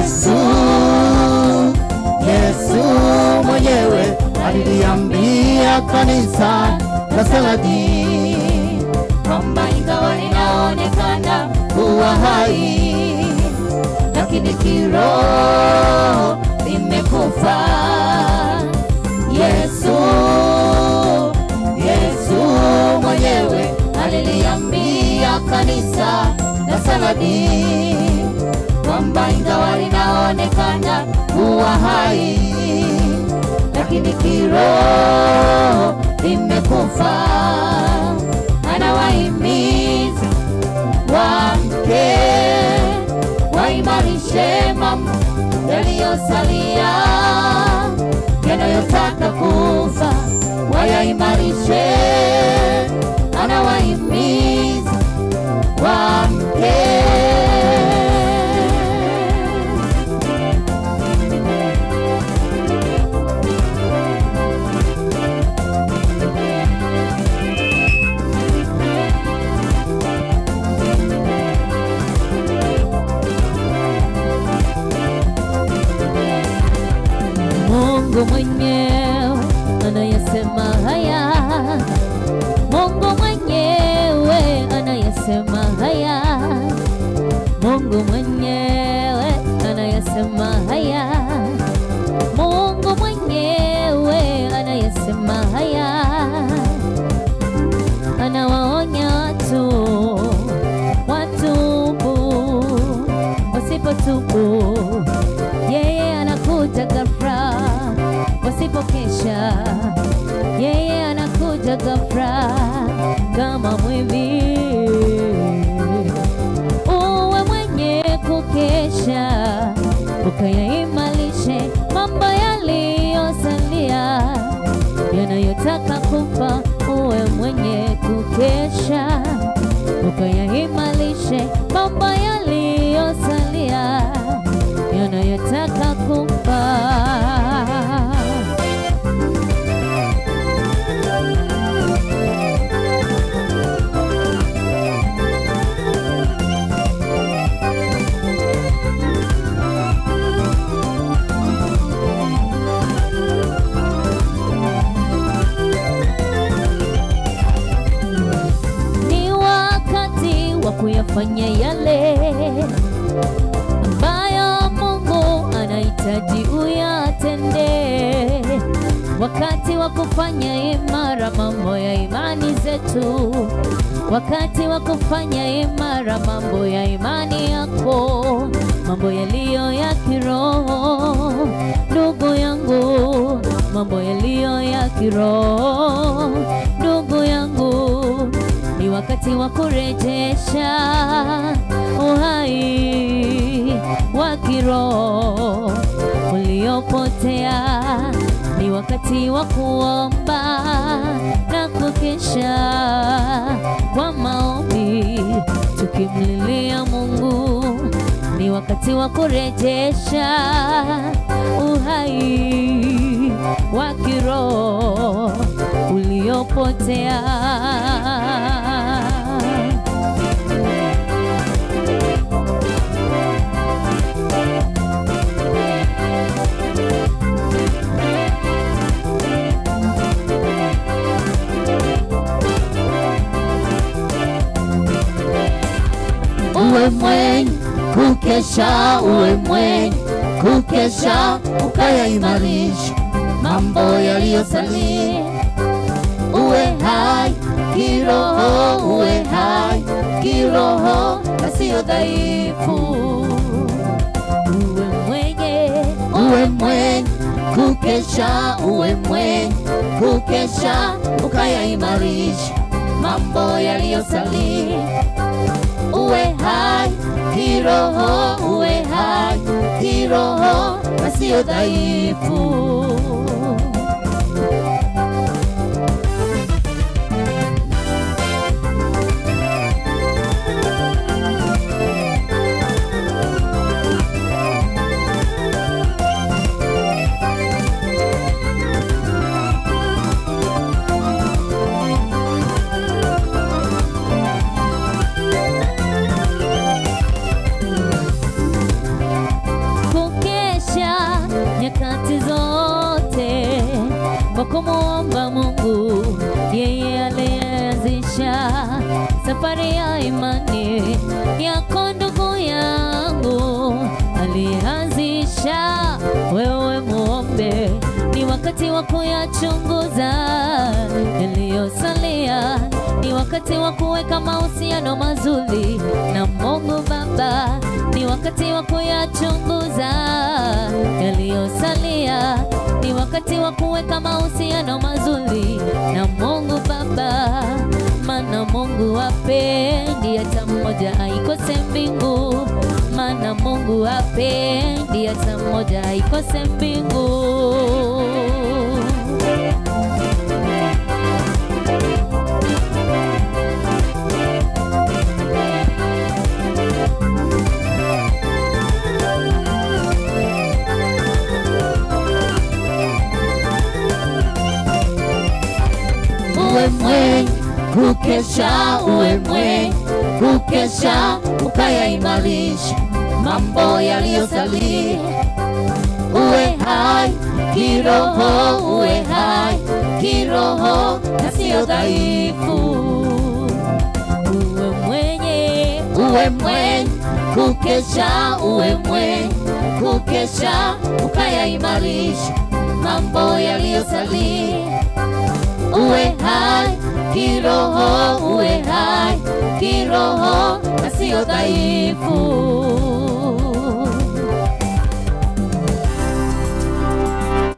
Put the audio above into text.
Yesu, Yesu mwenyewe aliliambia kanisa la Saladi kwamba ingawa ninaonekana kuwa hai, lakini kiroho imekufa Yesu, Yesu mwenyewe aliliambia kanisa la Saladi anaonekana kuwa hai, lakini kiroho imekufa. Anawahimiza wamke waimarishe mambo yaliyosalia yanayotaka kufa mwenyewe haya, Mungu mwenyewe anayesema haya, Mungu mwenyewe anayesema haya, Mungu mwenyewe anayesema haya, anawaonya watu watubu, wasipotubu yeye anakuja ghafla kama mwivi. Uwe mwenye kukesha, ukayaimarishe mambo yaliyosalia yanayotaka kufa, uwe mwenye kukesha kufanya yale ambayo Mungu anahitaji uyatende. Wakati wa kufanya imara mambo ya imani zetu, wakati wa kufanya imara mambo ya imani yako, mambo yaliyo ya kiroho, ndugu yangu, mambo yaliyo ya kiroho wakati wa kurejesha uhai wa kiroho uliopotea. Ni wakati wa kuomba na kukesha kwa maombi, tukimlilia Mungu. Ni wakati wa kurejesha uhai wa kiroho uliopotea. uwe mwenye kukesha, uwe mwenye kukesha, ukayaimarisha mambo yaliyosalia. Uwe hai kiroho, uwe hai kiroho, asiyo dhaifu. Uwe mwenye, uwe mwenye kukesha, uwe mwenye kukesha, ukayaimarisha mambo yaliyosalia uwe hai, kiroho uwe hai, kiroho na sio dhaifu. yote kwa kumwomba Mungu, yeye alianzisha safari ya imani yako ndugu yangu alianza wakati wa kuyachunguza yaliyosalia, ni wakati wa kuweka mahusiano mazuri na Mungu Baba, ni wakati wa kuyachunguza yaliyosalia, ni wakati wa kuweka mahusiano mazuri na Mungu Baba, maana Mungu wapendi hata mmoja aikose mbingu Mungu apendi hata mmoja ikose mbingu. Uwe mwenye kukesha, uwe mwenye kukesha, ukayaimarisha mambo yaliyosalia. Uwe hai kiroho, uwe hai kiroho na sio dhaifu. Uwe mwenye, uwe mwenye kukesha, uwe mwenye kukesha, ukayaimarisha mambo yaliyosalia. Uwe hai kiroho, uwe hai kiroho na sio dhaifu.